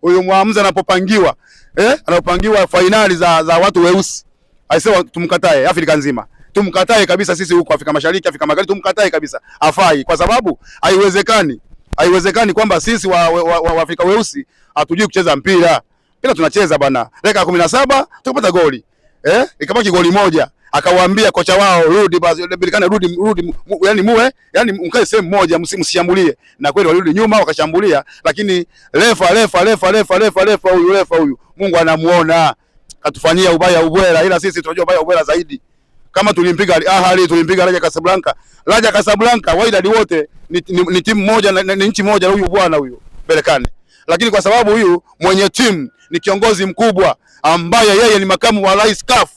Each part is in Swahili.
huyu mwamuzi anapopangiwa eh, anapopangiwa fainali za, za watu weusi aisee, tumkatae Afrika nzima tumkatae kabisa. Sisi huko Afrika Mashariki, Afrika Magharibi tumkatae kabisa, afai, kwa sababu haiwezekani, haiwezekani kwamba sisi wa, wa, wa Afrika weusi hatujui kucheza mpira, ila tunacheza bwana. Dakika kumi na saba tukapata goli eh, ikabaki goli moja akawaambia kocha wao rudi, basi Berkane rudi, rudi, yani muwe, yani mkae sehemu moja, msishambulie. Na kweli walirudi nyuma wakashambulia, lakini refa refa refa refa refa refa huyu refa huyu, Mungu anamuona, katufanyia ubaya ubwela, ila sisi tunajua ubaya ubwela zaidi. Kama tulimpiga Al Ahly, tulimpiga Raja Casablanca. Raja Casablanca Wydad wote ni, ni, ni timu moja ni, ni nchi moja, huyu bwana huyu Berkane. Lakini kwa sababu huyu mwenye timu ni kiongozi mkubwa ambaye yeye ni makamu wa rais kafu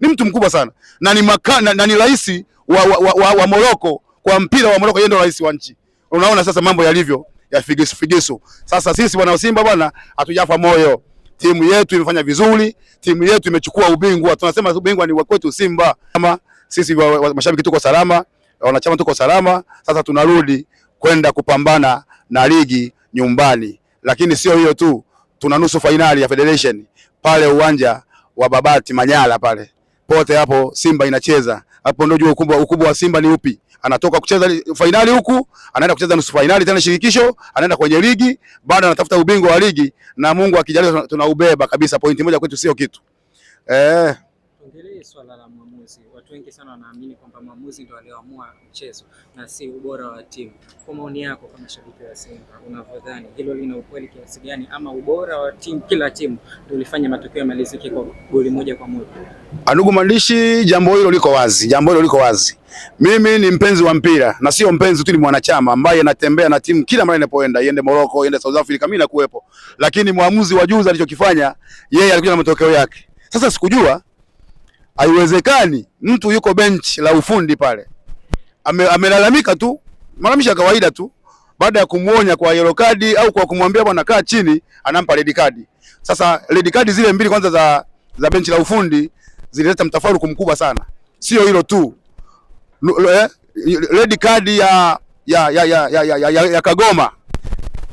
ni mtu mkubwa sana na ni maka, na, na ni rais wa, wa, wa, wa, wa Moroko kwa mpira wa Moroko, yeye ndio rais wa nchi. Unaona sasa mambo yalivyo ya figisu figisu. Sasa sisi wana Simba bwana, hatujafa moyo. Timu yetu imefanya vizuri, timu yetu imechukua ubingwa. Tunasema ubingwa ni wa kwetu Simba. Kama sisi wa, wa, mashabiki tuko salama, wanachama tuko salama. Sasa tunarudi kwenda kupambana na ligi nyumbani, lakini sio hiyo tu, tuna nusu fainali ya Federation pale uwanja wa Babati Manyara pale pote hapo Simba inacheza hapo, ndio jua ukubwa ukubwa wa Simba ni upi. Anatoka kucheza fainali huku anaenda kucheza nusu fainali tena shirikisho, anaenda kwenye ligi, bado anatafuta ubingwa wa ligi, na Mungu akijalia tunaubeba kabisa. Pointi moja kwetu sio kitu eh. Tuongelee swala la mwamuzi. Watu wengi sana wanaamini kwamba mwamuzi ndio alioamua mchezo na si ubora wa timu. Kwa maoni yako kama shabiki wa Simba, unavyodhani hilo lina ukweli kiasi gani, ama ubora wa timu, kila timu ndio ulifanya matokeo yamalizike kwa goli moja kwa moja? Ndugu mwandishi, jambo hilo liko wazi, jambo hilo liko wazi. Mimi ni mpenzi wa mpira na sio mpenzi tu, ni mwanachama ambaye anatembea na timu kila mara inapoenda, iende Morocco, iende South Africa, mimi nakuwepo. Lakini mwamuzi wa juzi alichokifanya yeye, alikuja na matokeo yake. Sasa sikujua Haiwezekani mtu yuko bench la ufundi pale ame, amelalamika tu malalamisho ya kawaida tu, baada ya kumwonya kwa yellow card au kwa kumwambia bwana kaa chini, anampa red card. Sasa red card zile mbili kwanza za za benchi la ufundi zilileta mtafaruku mkubwa sana. Sio hilo tu, eh, red card ya ya ya ya, ya, ya, ya, ya Kagoma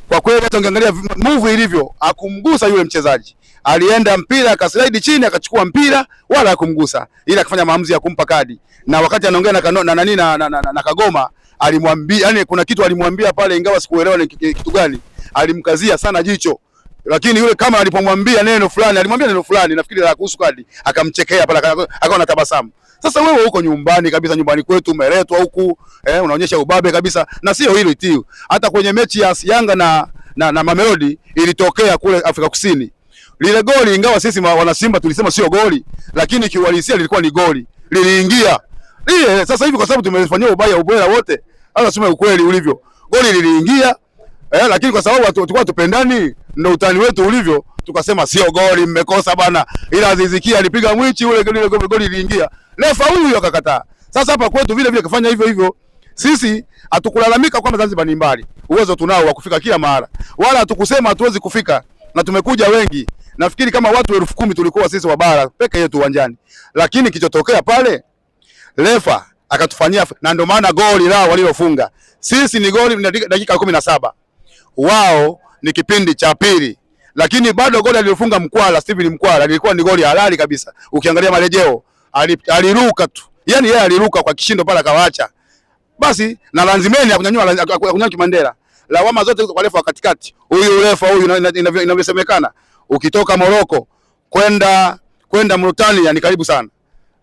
kwa kweli hata ungeangalia move ilivyo, akumgusa yule mchezaji alienda mpira akaslide chini akachukua mpira wala hakumgusa, ila akafanya maamuzi ya kumpa kadi. Na wakati anaongea na na nani na, na, na, na, na Kagoma alimwambia, yani kuna kitu alimwambia pale, ingawa sikuelewa ni kitu gani, alimkazia sana jicho lakini yule kama alipomwambia neno fulani, alimwambia neno fulani, nafikiri la kuhusu kadi, akamchekea pale, akawa na tabasamu. Sasa wewe uko nyumbani kabisa, nyumbani kwetu umeletwa huku eh, unaonyesha ubabe kabisa, na sio hilo tu. Hata kwenye mechi ya Yanga na na, na Mamelodi ilitokea kule Afrika Kusini, lile goli ingawa sisi wana Simba tulisema sio goli, lakini kiuhalisia lilikuwa ni goli, liliingia ile. Sasa hivi kwa sababu tumefanyia ubaya ubora wote, hata sema ukweli ulivyo, goli liliingia eh, lakini kwa sababu tulikuwa tupendani, ndio utani wetu ulivyo, tukasema sio goli, mmekosa bana. Ila Aziz alipiga mwichi ule, goli goli liliingia, refa huyu akakataa. Sasa hapa kwetu vile vile kafanya hivyo hivyo. Sisi hatukulalamika kwamba Zanzibar ni mbali, uwezo tunao wa kufika kila mahali, wala hatukusema hatuwezi kufika, na tumekuja wengi nafikiri kama watu elfu kumi tulikuwa sisi wa bara peke yetu uwanjani, lakini kilichotokea pale refa akatufanyia, na ndio maana goli lao walilofunga sisi ni goli dakika kumi na saba wao ni kipindi cha pili, lakini bado goli alilofunga Mkwala, Steven Mkwala lilikuwa ni goli halali kabisa. Ukiangalia marejeo aliruka tu, yani yeye aliruka kwa kishindo pale akawaacha basi, na Lanzimeni akunyanyua akunyanyua Kimandela, lawama zote kwa refa wa katikati huyu, refa huyu inavyosemekana ina, ina, ina, ina, ina, ina, ina, ina, ina, ukitoka Moroko kwenda kwenda Mauritania ni karibu sana,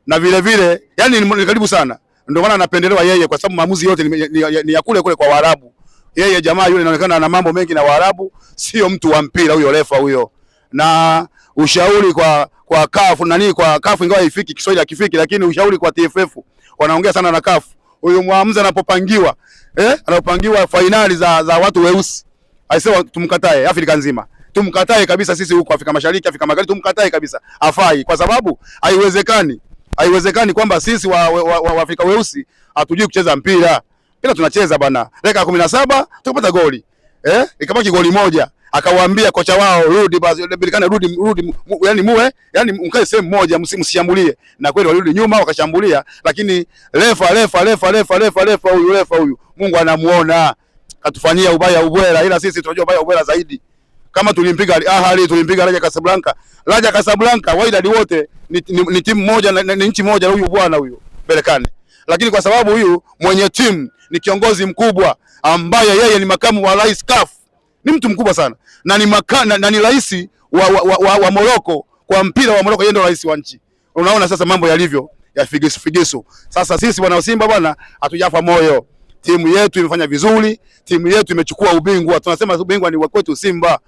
na vile vile yani ni karibu sana, ndio maana anapendelewa yeye, kwa sababu maamuzi yote ni, ni, ni ya kule kule kwa Waarabu. Yeye jamaa yule inaonekana ana mambo mengi na Waarabu, sio mtu wa mpira huyo, refa huyo. Na ushauri kwa kwa CAF nani, kwa CAF ingawa haifiki Kiswahili hakifiki, lakini ushauri kwa TFF, wanaongea sana na CAF. Huyo mwamuzi anapopangiwa eh, anapopangiwa fainali za, za watu weusi aisee, tumkatae Afrika nzima tumkatae kabisa sisi huko Afrika Mashariki, Afrika Magharibi, tumkatae kabisa, afai, kwa sababu haiwezekani, haiwezekani kwamba sisi wa, wa, wa Afrika weusi hatujui kucheza mpira, ila tunacheza bana. Dakika kumi na saba tukapata goli eh, ikabaki goli moja, akawaambia kocha wao rudi basi, bilikana rudi, rudi, yani muwe, yani mkae sehemu moja, msishambulie. Na kweli walirudi nyuma wakashambulia, lakini refa, refa, refa, refa, refa, refa huyu, refa huyu, Mungu anamuona, katufanyia ubaya ubwela, ila sisi tunajua ubaya ubwela zaidi kama tulimpiga Al Ahly, tulimpiga Raja Casablanca. Raja Casablanca Wydad wote ni, ni, ni timu moja na ni nchi moja, huyu bwana huyu Berkane. Lakini kwa sababu huyu mwenye timu ni kiongozi mkubwa ambaye yeye ni makamu wa rais CAF, ni mtu mkubwa sana na ni maka, na, na ni rais wa, wa, wa, wa, wa Moroko kwa mpira wa Moroko, yeye ndio rais wa nchi. Unaona sasa mambo yalivyo ya figisu figisu. Sasa sisi wana Simba bwana, hatujafa moyo. Timu yetu imefanya vizuri, timu yetu imechukua ubingwa. Tunasema ubingwa ni wa kwetu Simba.